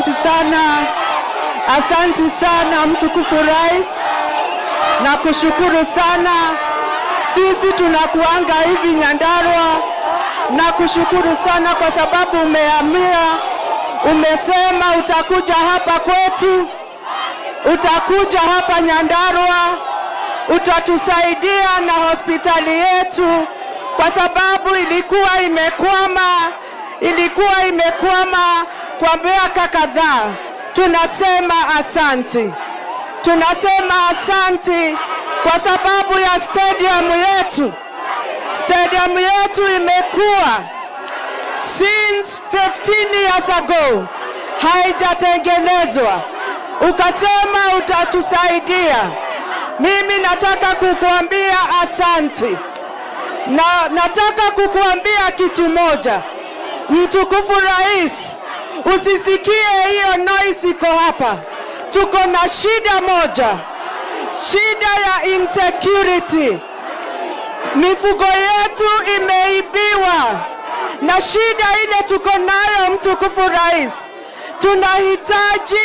Asante sana, asante sana mtukufu rais, na kushukuru sana. Sisi tunakuanga hivi Nyandarua na kushukuru sana kwa sababu umeamia, umesema utakuja hapa kwetu, utakuja hapa Nyandarua, utatusaidia na hospitali yetu kwa sababu ilikuwa imekwama, ilikuwa imekwama kwa miaka kadhaa tunasema asanti, tunasema asanti kwa sababu ya stadium yetu. Stadium yetu imekuwa since 15 years ago, haijatengenezwa ukasema utatusaidia. Mimi nataka kukuambia asanti, na nataka kukuambia kitu moja, mtukufu rais Usisikie hiyo noise iko hapa. Tuko na shida moja, shida ya insecurity. Mifugo yetu imeibiwa, na shida ile tuko nayo, mtukufu rais, tunahitaji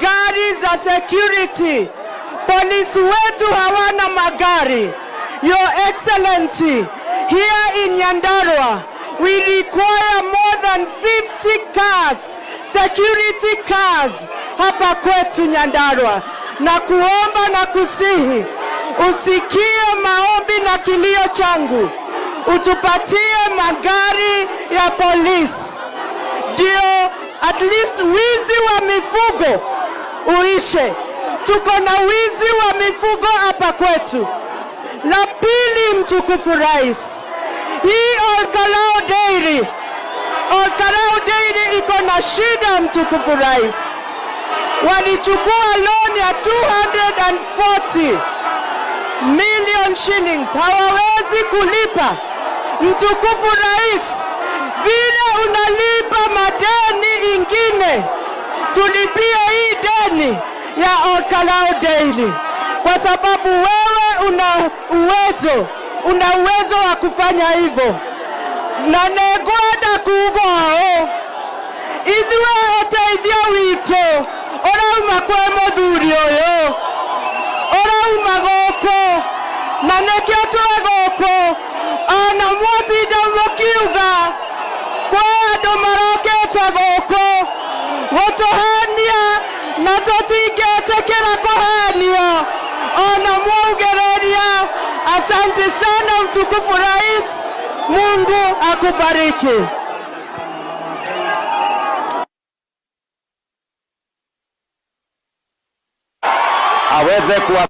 gari za security. Polisi wetu hawana magari. Your Excellency, here in Nyandarua We require more than 50 cars, security cars hapa kwetu Nyandarua, na kuomba na kusihi usikie maombi na kilio changu, utupatie magari ya polisi ndio at least wizi wa mifugo uishe. Tuko na wizi wa mifugo hapa kwetu. La pili, mtukufu rais hii olkalau Dairy, olkalau Dairy iko na shida, mtukufu rais. Walichukua loan ya 240 million shillings, hawawezi kulipa. Mtukufu rais, vile unalipa madeni ingine, tulipie hii deni ya olkalau Dairy, kwa sababu wewe una uwezo una uwezo wa kufanya hivyo, na negwenda kubaho oh. ithue ũteithio witũ ũrauma kwĩ mũthuri ũyũ ũrauma gũkũ na nĩkĩo twe gũkũ ona mũtinde mũkiuga kwĩ andũ marokĩte gũkũ gũtũhania Asante sana mtukufu rais, Mungu akubariki. Aweze kuwa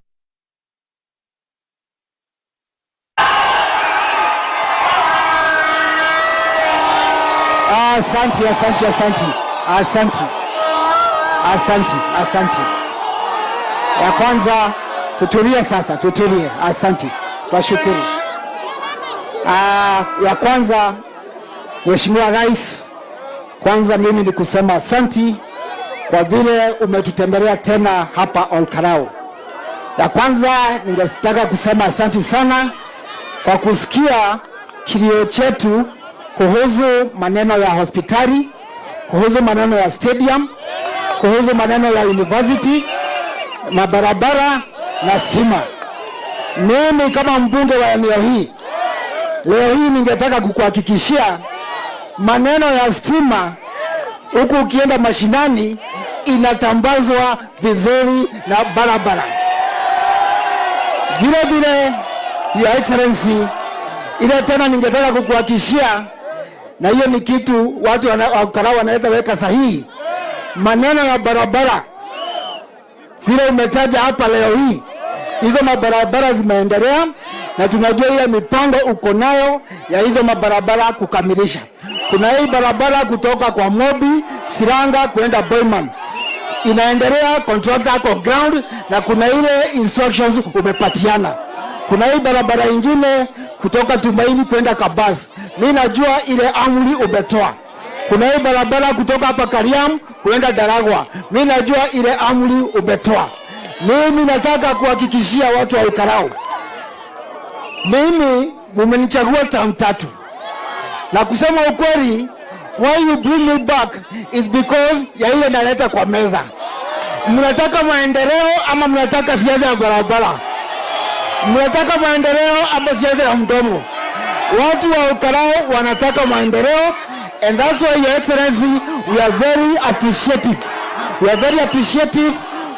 Asante, asante, asante, asante, asante, asante. Ya kwanza tutulie sasa, tutulie. Asante. Twashukuru. Uh, ah, ya kwanza Mheshimiwa Rais, kwanza mimi ni kusema asanti kwa vile umetutembelea tena hapa Olkarau. Ya kwanza ningetaka kusema asanti sana kwa kusikia kilio chetu kuhusu maneno ya hospitali, kuhusu maneno ya stadium, kuhusu maneno ya university, mabarabara na stima. Mimi kama mbunge wa eneo hii leo hii ningetaka kukuhakikishia maneno ya stima huku ukienda mashinani inatambazwa vizuri na barabara. Vile vile, Your Excellency, ile tena ningetaka kukuhakikishia, na hiyo ni kitu watu wakarau wanaweza weka sahihi, maneno ya barabara zile umetaja hapa leo hii hizo mabarabara zimeendelea na tunajua ile mipango uko nayo ya hizo mabarabara kukamilisha. Kuna hii barabara kutoka kwa Mobi Siranga kwenda Boyman inaendelea, contractor ako ground, na kuna ile instructions umepatiana. Kuna hii barabara ingine kutoka Tumaini kwenda Kabas, mi najua ile amri umetoa. Kuna hii barabara kutoka hapa Kariam kwenda Daragwa, mi najua ile amri umetoa. Mimi nataka kuhakikishia watu wa Ukarau, mimi mumenichagua tam tatu, na kusema ukweli, why you bring me back is because ya ile naleta kwa meza. Mnataka maendeleo ama mnataka siasa ya barabara? Mnataka maendeleo ama siasa ya mdomo? Watu wa Ukarau wanataka maendeleo, and that's why your excellency, we are very appreciative, we are very appreciative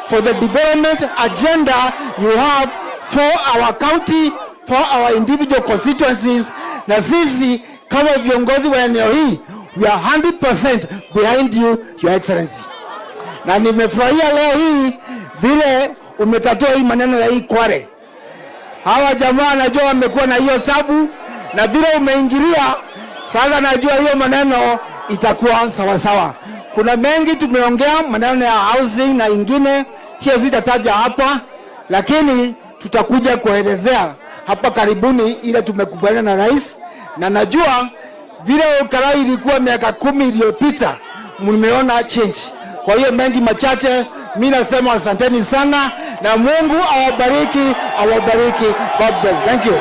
for the development agenda you have for our county, for our individual constituencies. Na sisi kama viongozi wa eneo hii we are 100% behind you your excellency. Na nimefurahia leo hii vile umetatua hii maneno ya hii Kware. Hawa jamaa najua wamekuwa na hiyo tabu, na vile umeingilia sasa, najua hiyo maneno itakuwa sawasawa. Kuna mengi tumeongea, maneno ya housing na ingine hiyo zitataja hapa, lakini tutakuja kuelezea hapa karibuni ile tumekubaliana na rais, na najua vile karai ilikuwa miaka kumi iliyopita mmeona change. Kwa hiyo mengi machache, mimi nasema asanteni sana na Mungu awabariki, awabariki. God bless. Thank you.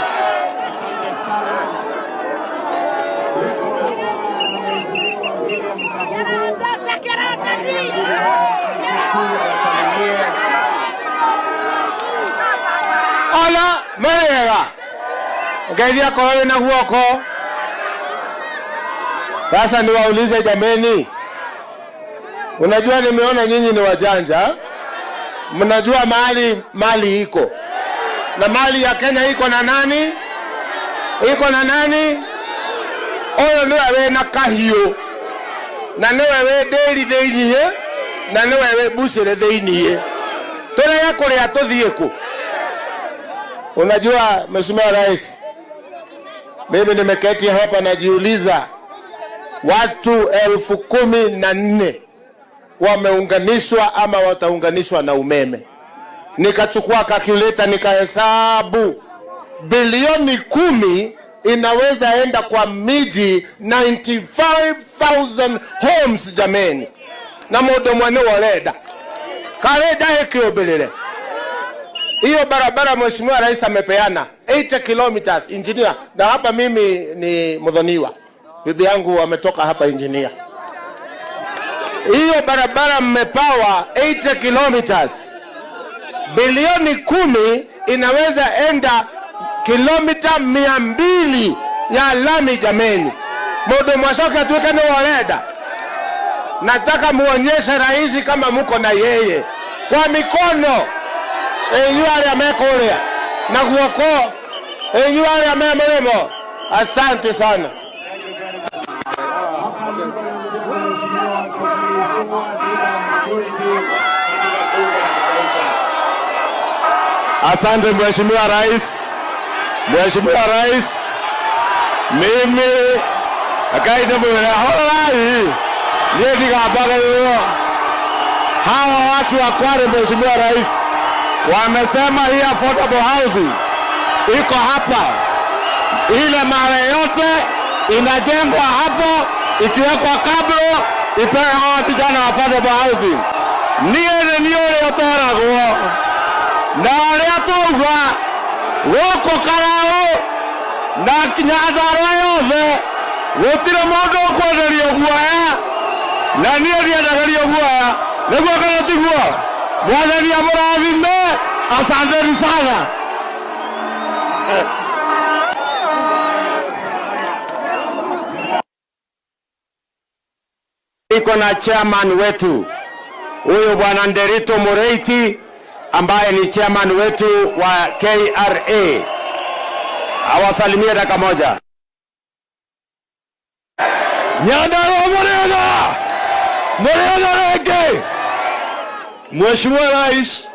Ola me wega akorwo korwo na guoko. Sasa waulize jameni, unajua nimeona nyinyi ni wajanja, mnajua mali mali iko na mali ya Kenya iko na nani, iko na nani? Oyo niwe na kahiu na niwe wi ndiri thiinie na niwe rege kå rä a tå thiä kå Unajua Mheshimiwa Rais, mimi nimeketi hapa najiuliza, watu elfu kumi na nne wameunganishwa ama wataunganishwa na umeme. Nikachukua kalkuleta nikahesabu, bilioni kumi inaweza enda kwa miji 95000 homes jameni, na modo mwane woleda kaleda ekiobelele hiyo barabara mheshimiwa rais amepeana 80 kilometers engineer, na hapa mimi ni mdhoniwa, bibi yangu ametoka hapa engineer. Hiyo barabara mmepawa 80 kilometers, bilioni kumi inaweza enda kilomita mia mbili ya lami. Jameni, mudu mwacoke atuikane woreda. Nataka muonyeshe rais kama muko na yeye kwa mikono inyu aria mekuria na guoko inyu aria me murimo asante sana Asante Mheshimiwa Rais. Mheshimiwa Rais, mimi akaidemweholai ndiye nikabagayo hawa watu wa Kwale, Mheshimiwa Rais Wamesema hii affordable housing iko hapa, ile mara yote inajengwa hapo, ikiwekwa kablo ipewe hawa vijana wa affordable housing. Niĩ nĩ ũrĩa na ũrĩa twauga gũkũ Karaũ na Nyandarua yothe gũtirĩ mũndũ ũkwenderio guaya na niĩ ndiendagĩrio guaya Nĩguo kana tiguo? Bwana ni amurathime, asanteni sana. Niko na chairman wetu huyu bwana Nderito Mureiti ambaye ni chairman wetu wa KRA, awasalimie dakika moja. Nyandarua Murega, Murega rege Mocho Moraes.